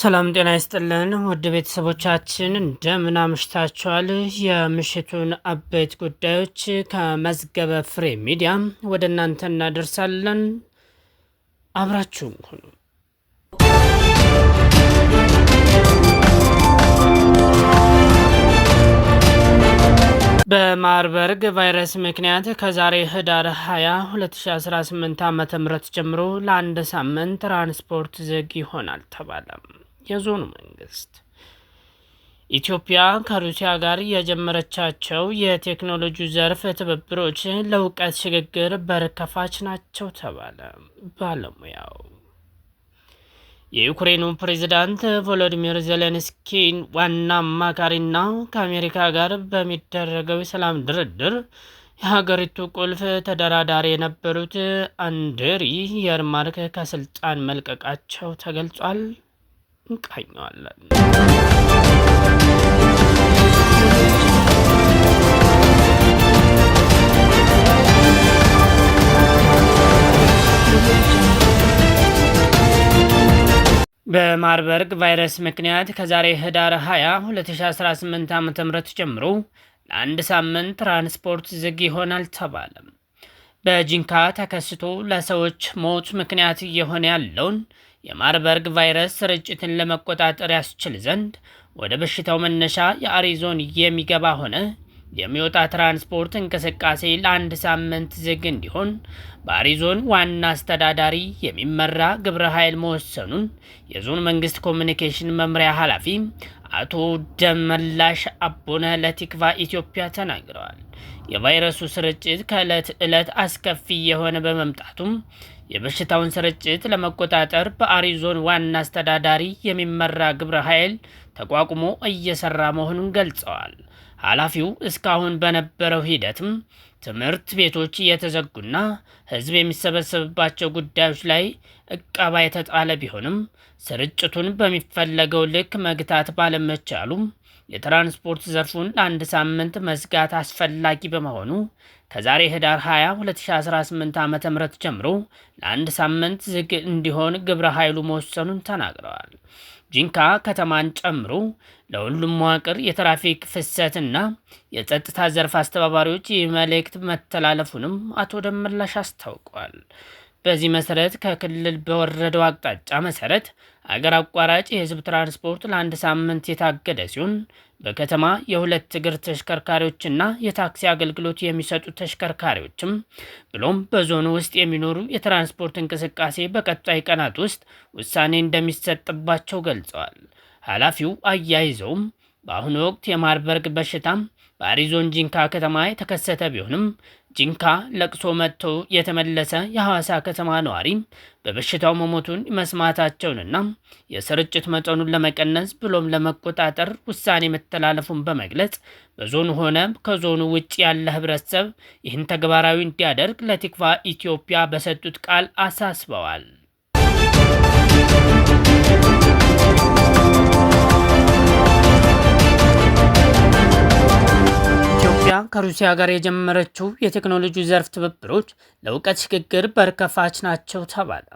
ሰላም ጤና ይስጥልን ውድ ቤተሰቦቻችን እንደምን አምሽታችኋል። የምሽቱን አበይት ጉዳዮች ከመዝገበ ፍሬ ሚዲያ ወደ እናንተ እናደርሳለን። አብራችሁም ሁኑ። በማርበርግ ቫይረስ ምክንያት ከዛሬ ህዳር 20 2018 ም ጀምሮ ለአንድ ሳምንት ትራንስፖርት ዝግ ይሆናል ተባለ። የዞኑ መንግስት ኢትዮጵያ ከሩሲያ ጋር የጀመረቻቸው የቴክኖሎጂ ዘርፍ ትብብሮች ለእውቀት ሽግግር በር ከፋች ናቸው ተባለ። ባለሙያው የዩክሬኑ ፕሬዝዳንት ቮሎዲሚር ዜሌንስኪን ዋና አማካሪና ከአሜሪካ ጋር በሚደረገው የሰላም ድርድር የሀገሪቱ ቁልፍ ተደራዳሪ የነበሩት አንድሪ የርማርክ ከስልጣን መልቀቃቸው ተገልጿል። እንቃኘዋለን። በማርበርግ ቫይረስ ምክንያት ከዛሬ ህዳር 20 2018 ዓ ም ጀምሮ ለአንድ ሳምንት ትራንስፖርት ዝግ ይሆናል ተባለም። በጂንካ ተከስቶ ለሰዎች ሞት ምክንያት እየሆነ ያለውን የማርበርግ ቫይረስ ስርጭትን ለመቆጣጠር ያስችል ዘንድ ወደ በሽታው መነሻ የአሪዞን የሚገባ ሆነ የሚወጣ ትራንስፖርት እንቅስቃሴ ለአንድ ሳምንት ዝግ እንዲሆን በአሪዞን ዋና አስተዳዳሪ የሚመራ ግብረ ኃይል መወሰኑን የዞን መንግስት ኮሚኒኬሽን መምሪያ ኃላፊ አቶ ደመላሽ አቦነ ለቲክቫ ኢትዮጵያ ተናግረዋል። የቫይረሱ ስርጭት ከዕለት ዕለት አስከፊ የሆነ በመምጣቱም የበሽታውን ስርጭት ለመቆጣጠር በአሪዞን ዋና አስተዳዳሪ የሚመራ ግብረ ኃይል ተቋቁሞ እየሰራ መሆኑን ገልጸዋል። ኃላፊው እስካሁን በነበረው ሂደትም ትምህርት ቤቶች እየተዘጉና ሕዝብ የሚሰበሰብባቸው ጉዳዮች ላይ እቀባ የተጣለ ቢሆንም ስርጭቱን በሚፈለገው ልክ መግታት ባለመቻሉም የትራንስፖርት ዘርፉን ለአንድ ሳምንት መዝጋት አስፈላጊ በመሆኑ ከዛሬ ህዳር 20 2018 ዓ ም ጀምሮ ለአንድ ሳምንት ዝግ እንዲሆን ግብረ ኃይሉ መወሰኑን ተናግረዋል። ጂንካ ከተማን ጨምሮ ለሁሉም መዋቅር የትራፊክ ፍሰትና የጸጥታ ዘርፍ አስተባባሪዎች ይህ መልእክት መተላለፉንም አቶ ደመላሽ አስታውቋል። በዚህ መሰረት ከክልል በወረደው አቅጣጫ መሰረት አገር አቋራጭ የህዝብ ትራንስፖርት ለአንድ ሳምንት የታገደ ሲሆን በከተማ የሁለት እግር ተሽከርካሪዎችና የታክሲ አገልግሎት የሚሰጡ ተሽከርካሪዎችም ብሎም በዞኑ ውስጥ የሚኖሩ የትራንስፖርት እንቅስቃሴ በቀጣይ ቀናት ውስጥ ውሳኔ እንደሚሰጥባቸው ገልጸዋል። ኃላፊው አያይዘውም በአሁኑ ወቅት የማርበርግ በሽታም በአሪዞን ጂንካ ከተማ የተከሰተ ቢሆንም ጂንካ ለቅሶ መጥቶ የተመለሰ የሐዋሳ ከተማ ነዋሪ በበሽታው መሞቱን መስማታቸውንና የስርጭት መጠኑን ለመቀነስ ብሎም ለመቆጣጠር ውሳኔ መተላለፉን በመግለጽ በዞኑ ሆነ ከዞኑ ውጭ ያለ ህብረተሰብ ይህን ተግባራዊ እንዲያደርግ ለቲክቫ ኢትዮጵያ በሰጡት ቃል አሳስበዋል። ከሩሲያ ጋር የጀመረችው የቴክኖሎጂ ዘርፍ ትብብሮች ለእውቀት ሽግግር በር ከፋች ናቸው ተባለ።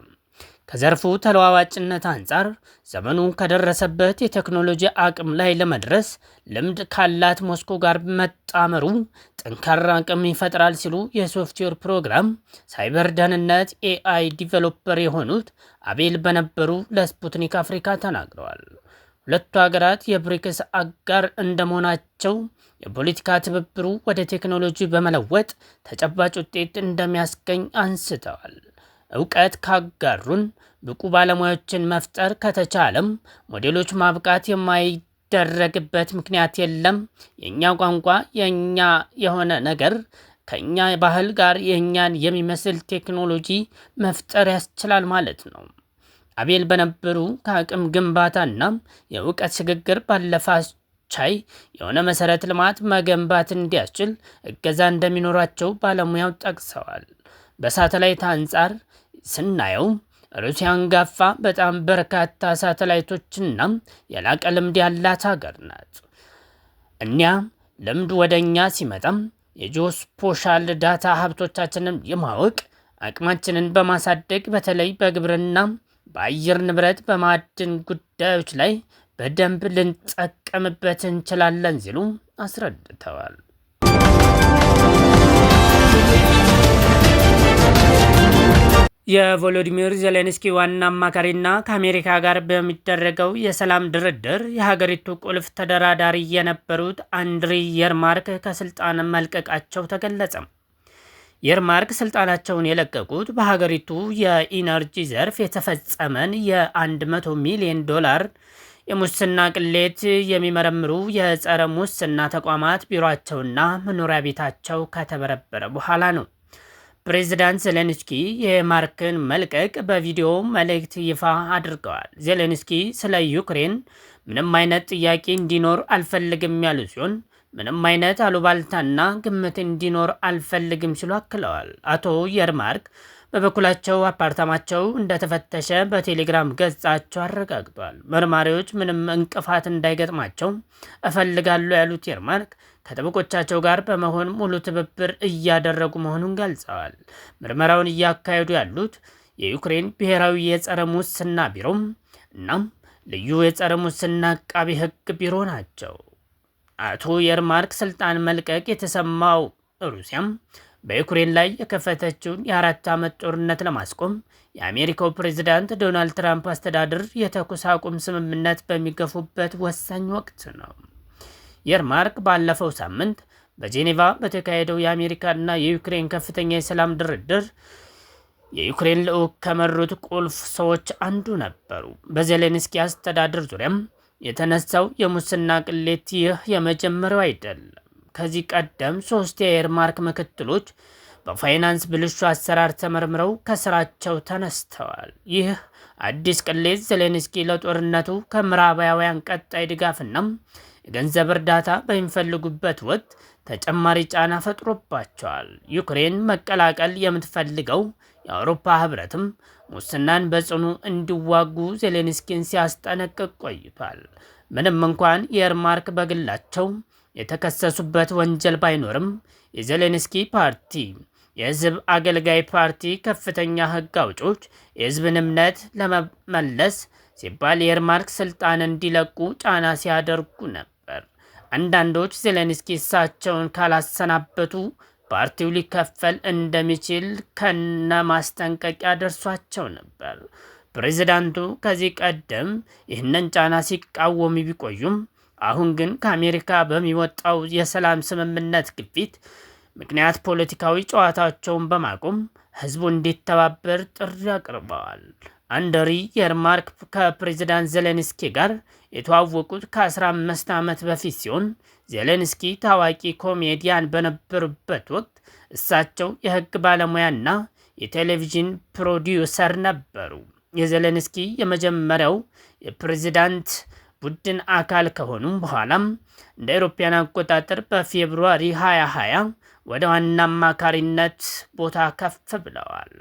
ከዘርፉ ተለዋዋጭነት አንጻር ዘመኑ ከደረሰበት የቴክኖሎጂ አቅም ላይ ለመድረስ ልምድ ካላት ሞስኮ ጋር መጣመሩ ጠንካራ አቅም ይፈጥራል ሲሉ የሶፍትዌር ፕሮግራም ሳይበር ደህንነት ኤአይ ዲቨሎፐር የሆኑት አቤል በነበሩ ለስፑትኒክ አፍሪካ ተናግረዋል። ሁለቱ ሀገራት የብሪክስ አጋር እንደመሆናቸው የፖለቲካ ትብብሩ ወደ ቴክኖሎጂ በመለወጥ ተጨባጭ ውጤት እንደሚያስገኝ አንስተዋል። እውቀት ካጋሩን ብቁ ባለሙያዎችን መፍጠር ከተቻለም ሞዴሎች ማብቃት የማይደረግበት ምክንያት የለም። የእኛ ቋንቋ የእኛ የሆነ ነገር ከእኛ ባህል ጋር የእኛን የሚመስል ቴክኖሎጂ መፍጠር ያስችላል ማለት ነው። አቤል በነበሩ ከአቅም ግንባታና የእውቀት ሽግግር ባለፈ ቻይ የሆነ መሰረተ ልማት መገንባት እንዲያስችል እገዛ እንደሚኖራቸው ባለሙያው ጠቅሰዋል። በሳተላይት አንጻር ስናየው ሩሲያ አንጋፋ፣ በጣም በርካታ ሳተላይቶችና የላቀ ልምድ ያላት ሀገር ናት። እኒያ ልምድ ወደ እኛ ሲመጣም የጂኦስፖሻል ዳታ ሀብቶቻችንን የማወቅ አቅማችንን በማሳደግ በተለይ በግብርና በአየር ንብረት፣ በማዕድን ጉዳዮች ላይ በደንብ ልንጠቀምበት እንችላለን ሲሉ አስረድተዋል። የቮሎዲሚር ዜሌንስኪ ዋና አማካሪና ከአሜሪካ ጋር በሚደረገው የሰላም ድርድር የሀገሪቱ ቁልፍ ተደራዳሪ የነበሩት አንድሪ የርማርክ ከስልጣን መልቀቃቸው ተገለጸም። የርማርክ ስልጣናቸውን የለቀቁት በሀገሪቱ የኢነርጂ ዘርፍ የተፈጸመን የ100 ሚሊዮን ዶላር የሙስና ቅሌት የሚመረምሩ የጸረ ሙስና ተቋማት ቢሮቸውና መኖሪያ ቤታቸው ከተበረበረ በኋላ ነው። ፕሬዚዳንት ዜሌንስኪ የማርክን መልቀቅ በቪዲዮ መልእክት ይፋ አድርገዋል። ዜሌንስኪ ስለ ዩክሬን ምንም አይነት ጥያቄ እንዲኖር አልፈልግም ያሉ ሲሆን ምንም አይነት አሉባልታና ግምት እንዲኖር አልፈልግም ሲሉ አክለዋል። አቶ የርማርክ በበኩላቸው አፓርታማቸው እንደተፈተሸ በቴሌግራም ገጻቸው አረጋግጧል። መርማሪዎች ምንም እንቅፋት እንዳይገጥማቸው እፈልጋሉ ያሉት የርማርክ ከጠበቆቻቸው ጋር በመሆን ሙሉ ትብብር እያደረጉ መሆኑን ገልጸዋል። ምርመራውን እያካሄዱ ያሉት የዩክሬን ብሔራዊ የጸረ ሙስና ቢሮ እናም ልዩ የጸረ ሙስና አቃቢ ሕግ ቢሮ ናቸው። አቶ የርማርክ ስልጣን መልቀቅ የተሰማው ሩሲያም በዩክሬን ላይ የከፈተችውን የአራት ዓመት ጦርነት ለማስቆም የአሜሪካው ፕሬዚዳንት ዶናልድ ትራምፕ አስተዳደር የተኩስ አቁም ስምምነት በሚገፉበት ወሳኝ ወቅት ነው። የርማርክ ባለፈው ሳምንት በጄኔቫ በተካሄደው የአሜሪካና የዩክሬን ከፍተኛ የሰላም ድርድር የዩክሬን ልዑክ ከመሩት ቁልፍ ሰዎች አንዱ ነበሩ። በዜሌንስኪ አስተዳደር ዙሪያም የተነሳው የሙስና ቅሌት ይህ የመጀመሪያው አይደለም። ከዚህ ቀደም ሶስት የኤርማርክ ምክትሎች በፋይናንስ ብልሹ አሰራር ተመርምረው ከስራቸው ተነስተዋል። ይህ አዲስ ቅሌት ዘሌንስኪ ለጦርነቱ ከምዕራባውያን ቀጣይ ድጋፍና የገንዘብ እርዳታ በሚፈልጉበት ወቅት ተጨማሪ ጫና ፈጥሮባቸዋል። ዩክሬን መቀላቀል የምትፈልገው የአውሮፓ ህብረትም ሙስናን በጽኑ እንዲዋጉ ዜሌንስኪን ሲያስጠነቅቅ ቆይቷል። ምንም እንኳን የርማርክ በግላቸው የተከሰሱበት ወንጀል ባይኖርም የዜሌንስኪ ፓርቲ የህዝብ አገልጋይ ፓርቲ ከፍተኛ ህግ አውጮች የህዝብን እምነት ለመመለስ ሲባል የርማርክ ስልጣን እንዲለቁ ጫና ሲያደርጉ ነበር። አንዳንዶች ዜሌንስኪ እሳቸውን ካላሰናበቱ ፓርቲው ሊከፈል እንደሚችል ከነ ማስጠንቀቂያ ደርሷቸው ነበር። ፕሬዚዳንቱ ከዚህ ቀደም ይህንን ጫና ሲቃወሙ ቢቆዩም አሁን ግን ከአሜሪካ በሚወጣው የሰላም ስምምነት ግፊት ምክንያት ፖለቲካዊ ጨዋታቸውን በማቆም ህዝቡ እንዲተባበር ጥሪ አቅርበዋል። አንደሪ የርማርክ ከፕሬዚዳንት ዘሌንስኪ ጋር የተዋወቁት ከ15 ዓመት በፊት ሲሆን ዜሌንስኪ ታዋቂ ኮሜዲያን በነበሩበት ወቅት እሳቸው የህግ ባለሙያና የቴሌቪዥን ፕሮዲውሰር ነበሩ። የዜሌንስኪ የመጀመሪያው የፕሬዚዳንት ቡድን አካል ከሆኑም በኋላም እንደ አውሮፓውያን አቆጣጠር በፌብሩዋሪ 2020 ወደ ዋና አማካሪነት ቦታ ከፍ ብለዋል።